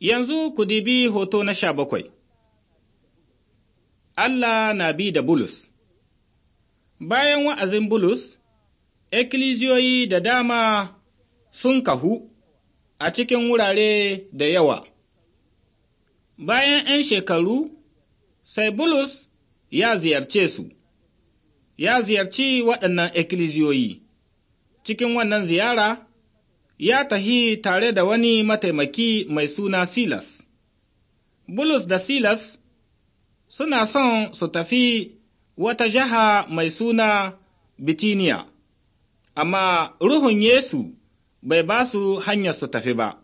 Yanzu ku dibi hoto na sha bakwai. Allah na bi da Bulus Bayan wa'azin Bulus, ekiliziyoyi da dama sun kahu a cikin wurare da yawa. Bayan ‘yan shekaru, sai Bulus ya ziyarce su, ya ziyarci waɗannan ekiliziyoyi. Cikin wannan ziyara, ya tahi tare da wani mataimaki mai suna Silas. Bulus da Silas suna son su tafi wata jaha mai suna Bitiniya, amma Ruhun Yesu bai ba su hanyar su tafi ba.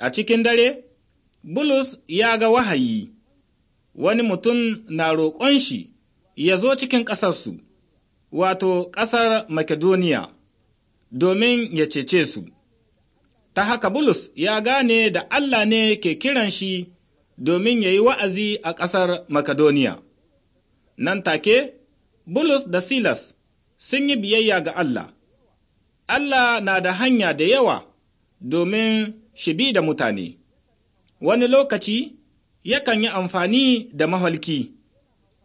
A cikin dare, Bulus ya ga wahayi, wani mutum na roƙon shi ya zo cikin ƙasarsu, wato ƙasar Makedoniya. domin ya cece su. Ta haka Bulus ya gane da Allah ne ke kiran shi domin ya yi wa'azi a ƙasar Makedoniya. Nan take, Bulus da Silas sun yi biyayya ga Allah. Allah na da hanya da yawa domin shi bi da mutane. Wani lokaci yakan yi amfani da mahalki,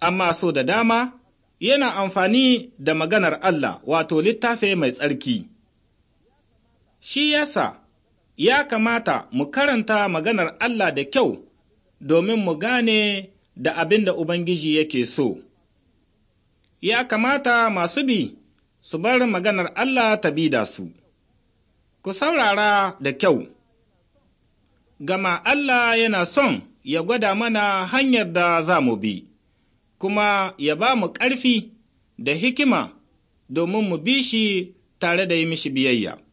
amma so da dama yana amfani da maganar Allah wato littafi mai tsarki. Shi yasa ya kamata mu karanta maganar Allah da kyau domin mu gane da abin da Ubangiji yake so. Ya kamata masu bi su bar maganar Allah ta bi da su. Ku saurara da kyau, gama Allah yana son ya gwada mana hanyar da za mu bi. kuma ya ba mu ƙarfi da hikima domin mu bi shi tare da yi mishi biyayya.